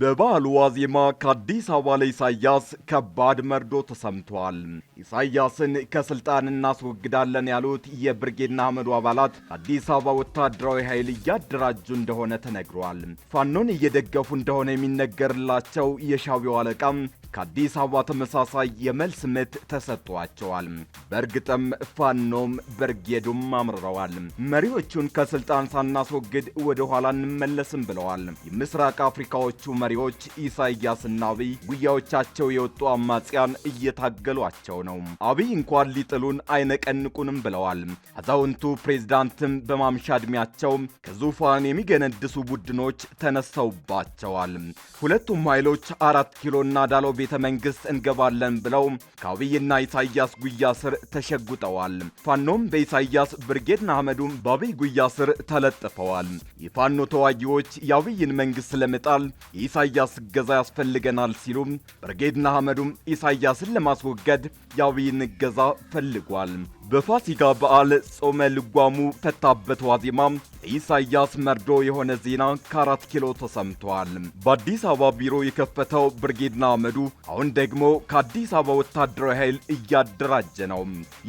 በበዓሉ ዋዜማ ከአዲስ አበባ ለኢሳያስ ከባድ መርዶ ተሰምቷል። ኢሳያስን ከስልጣን እናስወግዳለን ያሉት የብርጌና አህመዱ አባላት አዲስ አበባ ወታደራዊ ኃይል እያደራጁ እንደሆነ ተነግሯል። ፋኖን እየደገፉ እንደሆነ የሚነገርላቸው የሻቢው አለቃም ከአዲስ አበባ ተመሳሳይ የመልስ ምት ተሰጥቷቸዋል። በእርግጥም ፋኖም ብርጌዱም አምርረዋል። መሪዎቹን ከስልጣን ሳናስወግድ ወደ ኋላ እንመለስም ብለዋል። የምስራቅ አፍሪካዎቹ መሪዎች ኢሳይያስና አብይ ጉያዎቻቸው የወጡ አማጽያን እየታገሏቸው ነው። አብይ እንኳን ሊጥሉን አይነቀንቁንም ብለዋል። አዛውንቱ ፕሬዝዳንትም በማምሻ ዕድሜያቸው ከዙፋን የሚገነድሱ ቡድኖች ተነሰውባቸዋል። ሁለቱም ኃይሎች አራት ኪሎና ዳሎ ቤተ መንግስት እንገባለን ብለው ከአብይና ኢሳያስ ጉያ ስር ተሸጉጠዋል። ፋኖም በኢሳያስ ብርጌድና አህመዱም በአብይ ጉያ ስር ተለጥፈዋል። የፋኖ ተዋጊዎች የአብይን መንግስት ለመጣል የኢሳያስ እገዛ ያስፈልገናል ሲሉም ብርጌድና አህመዱም ኢሳያስን ለማስወገድ የአብይን እገዛ ፈልጓል። በፋሲጋ በዓል ጾመ ልጓሙ ፈታበት ዋዜማም ኢሳያስ መርዶ የሆነ ዜና ከአራት ኪሎ ተሰምቷል። በአዲስ አበባ ቢሮ የከፈተው ብርጌድና አመዱ አሁን ደግሞ ከአዲስ አበባ ወታደራዊ ኃይል እያደራጀ ነው።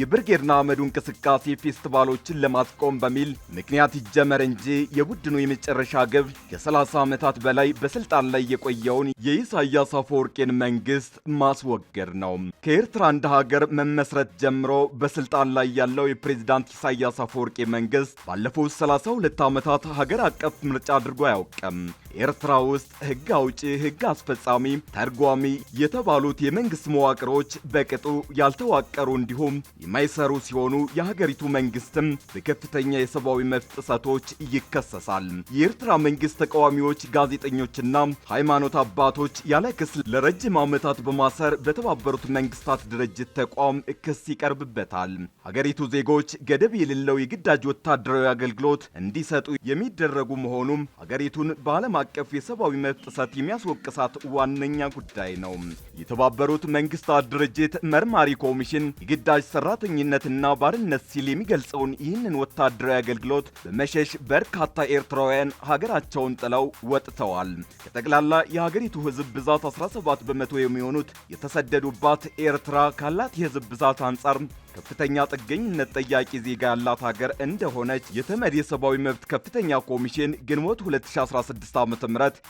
የብርጌድና አመዱ እንቅስቃሴ ፌስቲቫሎችን ለማስቆም በሚል ምክንያት ይጀመር እንጂ የቡድኑ የመጨረሻ ግብ ከ30 ዓመታት በላይ በስልጣን ላይ የቆየውን የኢሳያስ አፈወርቄን መንግስት ማስወገድ ነው። ከኤርትራ እንደ ሀገር መመስረት ጀምሮ በስልጣን ስልጣን ላይ ያለው የፕሬዝዳንት ኢሳያስ አፈወርቂ መንግስት ባለፉት 32 ዓመታት ሀገር አቀፍ ምርጫ አድርጎ አያውቅም። ኤርትራ ውስጥ ህግ አውጪ፣ ህግ አስፈጻሚ፣ ተርጓሚ የተባሉት የመንግስት መዋቅሮች በቅጡ ያልተዋቀሩ እንዲሁም የማይሰሩ ሲሆኑ የሀገሪቱ መንግስትም በከፍተኛ የሰብአዊ መብት ጥሰቶች ይከሰሳል። የኤርትራ መንግስት ተቃዋሚዎች፣ ጋዜጠኞችና ሃይማኖት አባቶች ያለ ክስ ለረጅም ዓመታት በማሰር በተባበሩት መንግስታት ድርጅት ተቋም ክስ ይቀርብበታል። ሀገሪቱ ዜጎች ገደብ የሌለው የግዳጅ ወታደራዊ አገልግሎት እንዲሰጡ የሚደረጉ መሆኑም ሀገሪቱን በዓለም አቀፍ የሰብአዊ መብት ጥሰት የሚያስወቅሳት ዋነኛ ጉዳይ ነው። የተባበሩት መንግስታት ድርጅት መርማሪ ኮሚሽን የግዳጅ ሰራተኝነትና ባርነት ሲል የሚገልጸውን ይህንን ወታደራዊ አገልግሎት በመሸሽ በርካታ ኤርትራውያን ሀገራቸውን ጥለው ወጥተዋል። ከጠቅላላ የሀገሪቱ ህዝብ ብዛት 17 በመቶ የሚሆኑት የተሰደዱባት ኤርትራ ካላት የህዝብ ብዛት አንጻር ከፍተኛ ጥገኝነት ጠያቂ ዜጋ ያላት ሀገር እንደሆነች የተመድ የሰብአዊ መብት ከፍተኛ ኮሚሽን ግንቦት 2016 ዓ ም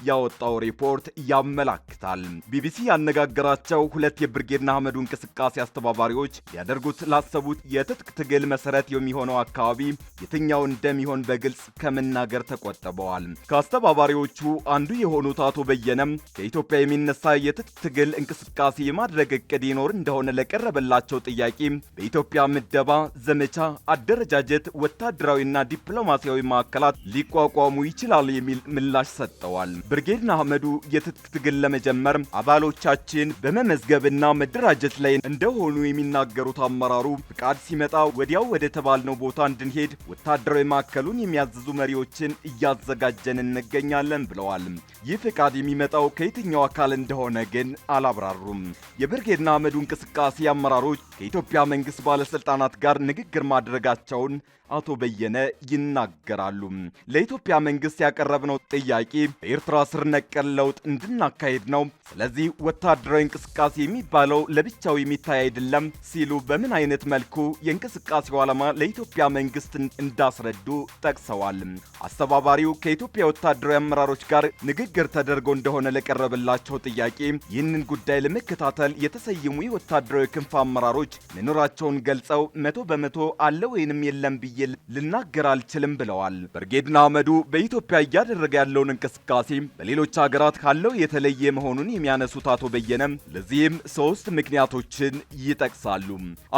ያወጣው ሪፖርት ያመላክታል። ቢቢሲ ያነጋገራቸው ሁለት የብርጌድና አህመዱ እንቅስቃሴ አስተባባሪዎች ሊያደርጉት ላሰቡት የትጥቅ ትግል መሰረት የሚሆነው አካባቢ የትኛው እንደሚሆን በግልጽ ከመናገር ተቆጥበዋል። ከአስተባባሪዎቹ አንዱ የሆኑት አቶ በየነም ከኢትዮጵያ የሚነሳ የትጥቅ ትግል እንቅስቃሴ የማድረግ እቅድ ይኖር እንደሆነ ለቀረበላቸው ጥያቄ በኢትዮጵያ ምደባ፣ ዘመቻ፣ አደረጃጀት፣ ወታደራዊና ዲፕሎማሲያዊ ማዕከላት ሊቋቋሙ ይችላል የሚል ምላሽ ሰጥተዋል። ብርጌድ አህመዱ የትጥቅ ትግል ለመጀመር አባሎቻችን በመመዝገብና መደራጀት ላይ እንደሆኑ የሚናገሩት አመራሩ ፍቃድ ሲመጣ ወዲያው ወደ ተባልነው ቦታ እንድንሄድ ወታደራዊ ማዕከሉን የሚያዝዙ መሪዎችን እያዘጋጀን እንገኛለን ብለዋል። ይህ ፍቃድ የሚመጣው ከየትኛው አካል እንደሆነ ግን አላብራሩም። የብርጌድና አመዱ እንቅስቃሴ አመራሮች ከኢትዮጵያ መንግስት ባለስልጣናት ጋር ንግግር ማድረጋቸውን አቶ በየነ ይናገራሉ። ለኢትዮጵያ መንግስት ያቀረብነው ጥያቄ በኤርትራ ስር ነቀል ለውጥ እንድናካሄድ ነው። ስለዚህ ወታደራዊ እንቅስቃሴ የሚባለው ለብቻው የሚታይ አይደለም ሲሉ በምን አይነት መልኩ የእንቅስቃሴው ዓላማ ለኢትዮጵያ መንግስት እንዳስረዱ ጠቅሰዋል። አስተባባሪው ከኢትዮጵያ ወታደራዊ አመራሮች ጋር ንግግር ተደርጎ እንደሆነ ለቀረበላቸው ጥያቄ ይህንን ጉዳይ ለመከታተል የተሰየሙ የወታደራዊ ክንፍ አመራሮች መኖራቸውን ገልጸው መቶ በመቶ አለ ወይንም የለም ብዬ ልናገር አልችልም ብለዋል። ብርጌድና አህመዱ በኢትዮጵያ እያደረገ ያለውን እንቅስቃሴ በሌሎች ሀገራት ካለው የተለየ መሆኑን የሚያነሱት አቶ በየነም ለዚህም ሶስት ምክንያቶችን ይጠቅሳሉ።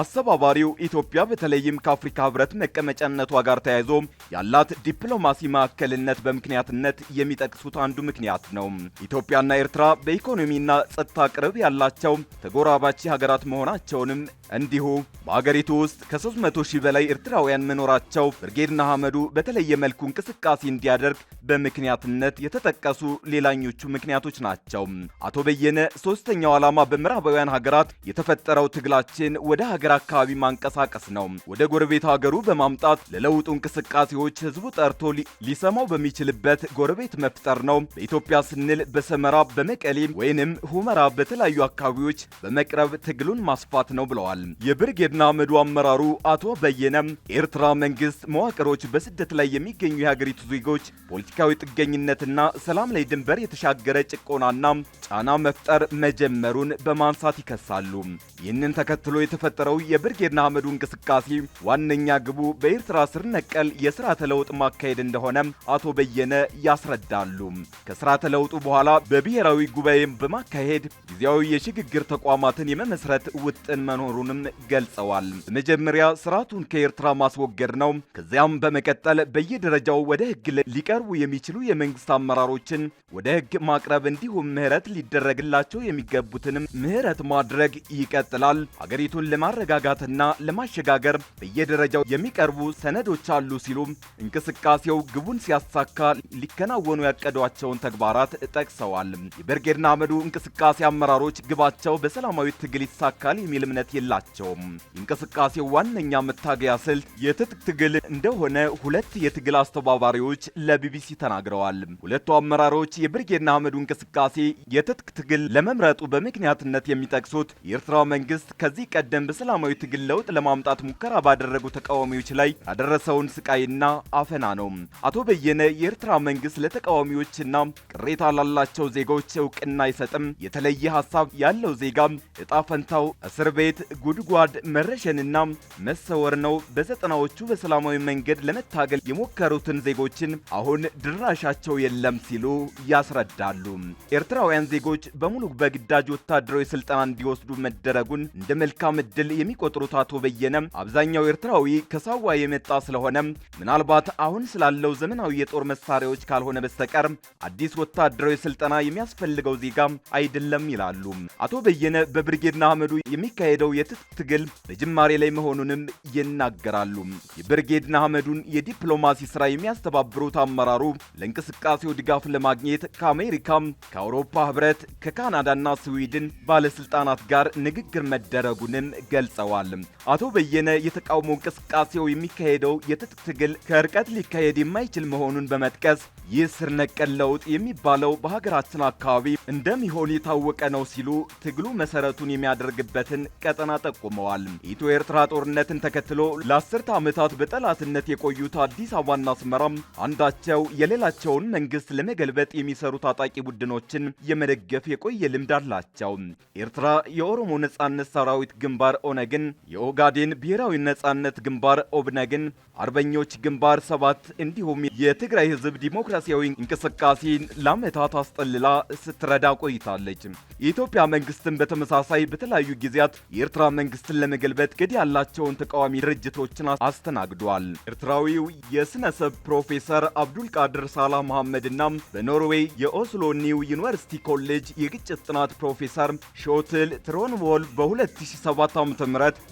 አስተባባሪው ኢትዮጵያ በተለይም ከአፍሪካ ህብረት መቀመጫነቱ ከጦርነቷ ጋር ተያይዞ ያላት ዲፕሎማሲ ማዕከልነት በምክንያትነት የሚጠቅሱት አንዱ ምክንያት ነው። ኢትዮጵያና ኤርትራ በኢኮኖሚና ጸጥታ ቅርብ ያላቸው ተጎራባች ሀገራት መሆናቸውንም እንዲሁ በአገሪቱ ውስጥ ከ300 ሺህ በላይ ኤርትራውያን መኖራቸው ብርጌድና አህመዱ በተለየ መልኩ እንቅስቃሴ እንዲያደርግ በምክንያትነት የተጠቀሱ ሌላኞቹ ምክንያቶች ናቸው። አቶ በየነ ሶስተኛው ዓላማ በምዕራባውያን ሀገራት የተፈጠረው ትግላችን ወደ ሀገር አካባቢ ማንቀሳቀስ ነው፣ ወደ ጎረቤት ሀገሩ በማምጣት ለለውጡ እንቅስቃሴዎች ህዝቡ ጠርቶ ሊሰማው በሚችልበት ጎረቤት መፍጠር ነው። በኢትዮጵያ ስንል በሰመራ በመቀሌ ወይንም ሁመራ በተለያዩ አካባቢዎች በመቅረብ ትግሉን ማስፋት ነው ብለዋል። የብርጌድና መዱ አመራሩ አቶ በየነም የኤርትራ መንግስት መዋቅሮች በስደት ላይ የሚገኙ የሀገሪቱ ዜጎች ፖለቲካዊ ጥገኝነትና ሰላም ላይ ድንበር የተሻገረ ጭቆናና ጫና መፍጠር መጀመሩን በማንሳት ይከሳሉ። ይህንን ተከትሎ የተፈጠረው የብርጌድና አህመዱ እንቅስቃሴ ዋነኛ ግቡ በኤርትራ ስር ነቀል የስርዓተ ለውጥ ማካሄድ እንደሆነ አቶ በየነ ያስረዳሉ። ከስርዓተ ለውጡ በኋላ በብሔራዊ ጉባኤም በማካሄድ ጊዜያዊ የሽግግር ተቋማትን የመመስረት ውጥን መኖሩንም ገልጸዋል። በመጀመሪያ ስርዓቱን ከኤርትራ ማስወገድ ነው። ከዚያም በመቀጠል በየደረጃው ወደ ህግ ሊቀርቡ የሚችሉ የመንግስት አመራሮችን ወደ ህግ ማቅረብ እንዲሁም ምህረት ሊደረግላቸው የሚገቡትንም ምህረት ማድረግ ይቀጥላል። ሀገሪቱን ለማረጋጋትና ለማሸጋገር በየደረጃው የሚቀርቡ ሰነ ሰነዶች አሉ ሲሉም እንቅስቃሴው ግቡን ሲያሳካ ሊከናወኑ ያቀዷቸውን ተግባራት ጠቅሰዋል። የብርጌድ አመዱ እንቅስቃሴ አመራሮች ግባቸው በሰላማዊ ትግል ይሳካል የሚል እምነት የላቸውም። እንቅስቃሴው ዋነኛ መታገያ ስልት የትጥቅ ትግል እንደሆነ ሁለት የትግል አስተባባሪዎች ለቢቢሲ ተናግረዋል። ሁለቱ አመራሮች የብርጌና አመዱ እንቅስቃሴ የትጥቅ ትግል ለመምረጡ በምክንያትነት የሚጠቅሱት የኤርትራ መንግስት ከዚህ ቀደም በሰላማዊ ትግል ለውጥ ለማምጣት ሙከራ ባደረጉ ተቃዋሚዎች ላይ ያደረሰውን ስቃይና አፈና ነው። አቶ በየነ የኤርትራ መንግስት ለተቃዋሚዎችና ቅሬታ ላላቸው ዜጎች እውቅና አይሰጥም፣ የተለየ ሀሳብ ያለው ዜጋ እጣ ፈንታው እስር ቤት፣ ጉድጓድ፣ መረሸንና መሰወር ነው። በዘጠናዎቹ በሰላማዊ መንገድ ለመታገል የሞከሩትን ዜጎችን አሁን ድራሻቸው የለም ሲሉ ያስረዳሉ። ኤርትራውያን ዜጎች በሙሉ በግዳጅ ወታደራዊ ስልጠና እንዲወስዱ መደረጉን እንደ መልካም ዕድል የሚቆጥሩት አቶ በየነ አብዛኛው ኤርትራዊ ከሳዋ የመጣ የወጣ ስለሆነ ምናልባት አሁን ስላለው ዘመናዊ የጦር መሳሪያዎች ካልሆነ በስተቀር አዲስ ወታደራዊ ስልጠና የሚያስፈልገው ዜጋ አይደለም ይላሉ አቶ በየነ። በብርጌድና አህመዱ የሚካሄደው የትጥቅ ትግል በጅማሬ ላይ መሆኑንም ይናገራሉ። የብርጌድና አህመዱን የዲፕሎማሲ ስራ የሚያስተባብሩት አመራሩ ለእንቅስቃሴው ድጋፍ ለማግኘት ከአሜሪካ፣ ከአውሮፓ ህብረት፣ ከካናዳና ስዊድን ባለስልጣናት ጋር ንግግር መደረጉንም ገልጸዋል። አቶ በየነ የተቃውሞ እንቅስቃሴው የሚካሄድ የተካሄደው የትጥቅ ትግል ከርቀት ሊካሄድ የማይችል መሆኑን በመጥቀስ ይህ ስር ነቀል ለውጥ የሚባለው በሀገራችን አካባቢ እንደሚሆን የታወቀ ነው ሲሉ ትግሉ መሰረቱን የሚያደርግበትን ቀጠና ጠቁመዋል። ኢትዮ ኤርትራ ጦርነትን ተከትሎ ለአስርተ ዓመታት በጠላትነት የቆዩት አዲስ አበባና አስመራም አንዳቸው የሌላቸውን መንግስት ለመገልበጥ የሚሰሩ ታጣቂ ቡድኖችን የመደገፍ የቆየ ልምድ አላቸው። ኤርትራ የኦሮሞ ነጻነት ሰራዊት ግንባር ኦነግን፣ የኦጋዴን ብሔራዊ ነጻነት ግንባር ኦብነግን፣ አርበኞች ግንባር ሰባት እንዲሁም የትግራይ ህዝብ ዲሞክራ ዲሞክራሲያዊ እንቅስቃሴን ለዓመታት አስጠልላ ስትረዳ ቆይታለች። የኢትዮጵያ መንግስትን በተመሳሳይ በተለያዩ ጊዜያት የኤርትራ መንግስትን ለመገልበጥ ገድ ያላቸውን ተቃዋሚ ድርጅቶችን አስተናግዷል። ኤርትራዊው የስነሰብ ፕሮፌሰር አብዱልቃድር ሳላ መሐመድና በኖርዌይ የኦስሎ ኒው ዩኒቨርሲቲ ኮሌጅ የግጭት ጥናት ፕሮፌሰር ሾትል ትሮንቮል በ2007 ዓ ም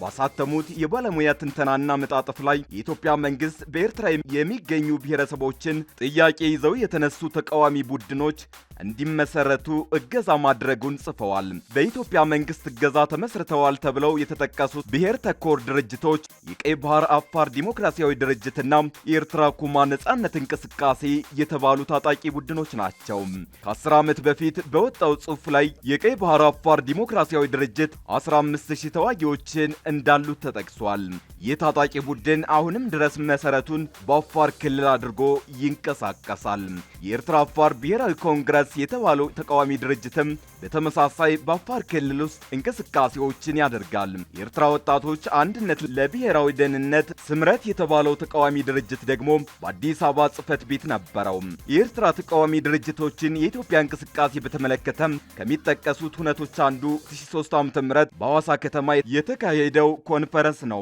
ባሳተሙት የባለሙያ ትንተናና መጣጥፍ ላይ የኢትዮጵያ መንግስት በኤርትራ የሚገኙ ብሔረሰቦችን ጥያቄ ይዘው የተነሱ ተቃዋሚ ቡድኖች እንዲመሰረቱ እገዛ ማድረጉን ጽፈዋል። በኢትዮጵያ መንግስት እገዛ ተመስርተዋል ተብለው የተጠቀሱት ብሔር ተኮር ድርጅቶች የቀይ ባህር አፋር ዲሞክራሲያዊ ድርጅትና የኤርትራ ኩማ ነጻነት እንቅስቃሴ የተባሉ ታጣቂ ቡድኖች ናቸው። ከ10 ዓመት በፊት በወጣው ጽሑፍ ላይ የቀይ ባህር አፋር ዲሞክራሲያዊ ድርጅት 15000 ተዋጊዎችን እንዳሉት ተጠቅሷል። ይህ ታጣቂ ቡድን አሁንም ድረስ መሰረቱን በአፋር ክልል አድርጎ ይንቀሳቀሳል። የኤርትራ አፋር ብሔራዊ ኮንግረስ ደረስ የተባለው ተቃዋሚ ድርጅትም በተመሳሳይ በአፋር ክልል ውስጥ እንቅስቃሴዎችን ያደርጋል። የኤርትራ ወጣቶች አንድነት ለብሔራዊ ደህንነት ስምረት የተባለው ተቃዋሚ ድርጅት ደግሞ በአዲስ አበባ ጽህፈት ቤት ነበረው። የኤርትራ ተቃዋሚ ድርጅቶችን የኢትዮጵያ እንቅስቃሴ በተመለከተም ከሚጠቀሱት ሁነቶች አንዱ 2003 ም በሐዋሳ ከተማ የተካሄደው ኮንፈረንስ ነው።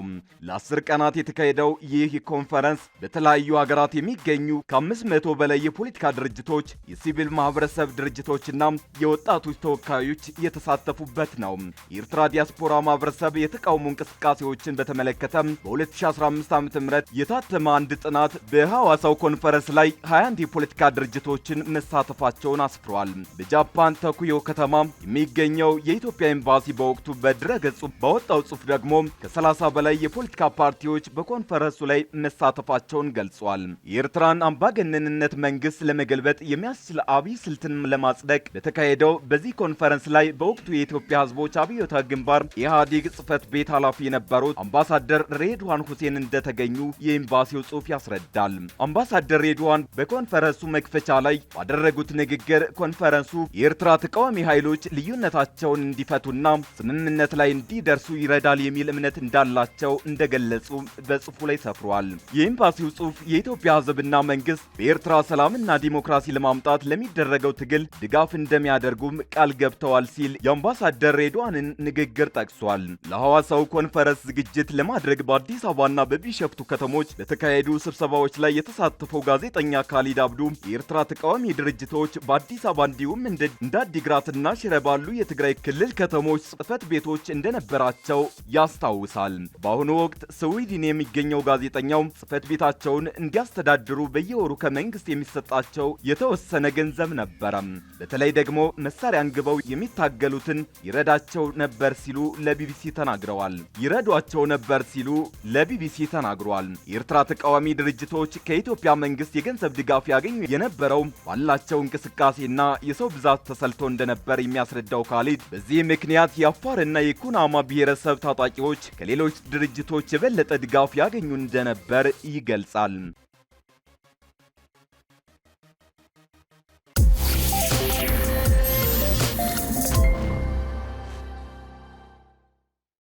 ለአስር ቀናት የተካሄደው ይህ ኮንፈረንስ በተለያዩ ሀገራት የሚገኙ ከ መቶ በላይ የፖለቲካ ድርጅቶች፣ የሲቪል ማህበረሰብ የቤተሰብ ድርጅቶችና የወጣቶች ተወካዮች የተሳተፉበት ነው። የኤርትራ ዲያስፖራ ማህበረሰብ የተቃውሞ እንቅስቃሴዎችን በተመለከተ በ2015 ዓ ም የታተመ አንድ ጥናት በሐዋሳው ኮንፈረንስ ላይ 21 የፖለቲካ ድርጅቶችን መሳተፋቸውን አስፍሯል። በጃፓን ተኩዮ ከተማ የሚገኘው የኢትዮጵያ ኤምባሲ በወቅቱ በድረገጹ ባወጣው ጽሑፍ ደግሞ ከ30 በላይ የፖለቲካ ፓርቲዎች በኮንፈረንሱ ላይ መሳተፋቸውን ገልጿል። የኤርትራን አምባገነንነት መንግስት ለመገልበጥ የሚያስችል አብይ ስልትን ለማጽደቅ በተካሄደው በዚህ ኮንፈረንስ ላይ በወቅቱ የኢትዮጵያ ህዝቦች አብዮታ ግንባር የኢህአዴግ ጽህፈት ቤት ኃላፊ የነበሩት አምባሳደር ሬድዋን ሁሴን እንደተገኙ የኤምባሲው ጽሑፍ ያስረዳል። አምባሳደር ሬድዋን በኮንፈረንሱ መክፈቻ ላይ ባደረጉት ንግግር ኮንፈረንሱ የኤርትራ ተቃዋሚ ኃይሎች ልዩነታቸውን እንዲፈቱና ስምምነት ላይ እንዲደርሱ ይረዳል የሚል እምነት እንዳላቸው እንደገለጹ በጽሑፉ ላይ ሰፍሯል። የኤምባሲው ጽሑፍ የኢትዮጵያ ህዝብና መንግስት በኤርትራ ሰላምና ዲሞክራሲ ለማምጣት ለሚደረገው ለሚደረገው ትግል ድጋፍ እንደሚያደርጉም ቃል ገብተዋል ሲል የአምባሳደር ሬድዋንን ንግግር ጠቅሷል። ለሐዋሳው ኮንፈረንስ ዝግጅት ለማድረግ በአዲስ አበባና በቢሸፍቱ ከተሞች በተካሄዱ ስብሰባዎች ላይ የተሳተፈው ጋዜጠኛ ካሊድ አብዱ የኤርትራ ተቃዋሚ ድርጅቶች በአዲስ አበባ እንዲሁም እንደ አዲግራትና ሽረ ባሉ የትግራይ ክልል ከተሞች ጽህፈት ቤቶች እንደነበራቸው ያስታውሳል። በአሁኑ ወቅት ስዊድን የሚገኘው ጋዜጠኛው ጽህፈት ቤታቸውን እንዲያስተዳድሩ በየወሩ ከመንግስት የሚሰጣቸው የተወሰነ ገንዘብ ነበር። ነበረም። በተለይ ደግሞ መሳሪያ አንግበው የሚታገሉትን ይረዳቸው ነበር ሲሉ ለቢቢሲ ተናግረዋል። ይረዷቸው ነበር ሲሉ ለቢቢሲ ተናግሯል። የኤርትራ ተቃዋሚ ድርጅቶች ከኢትዮጵያ መንግስት የገንዘብ ድጋፍ ያገኙ የነበረው ባላቸው እንቅስቃሴና የሰው ብዛት ተሰልቶ እንደነበር የሚያስረዳው ካሊድ በዚህ ምክንያት የአፋርና የኩናማ ብሔረሰብ ታጣቂዎች ከሌሎች ድርጅቶች የበለጠ ድጋፍ ያገኙ እንደነበር ይገልጻል።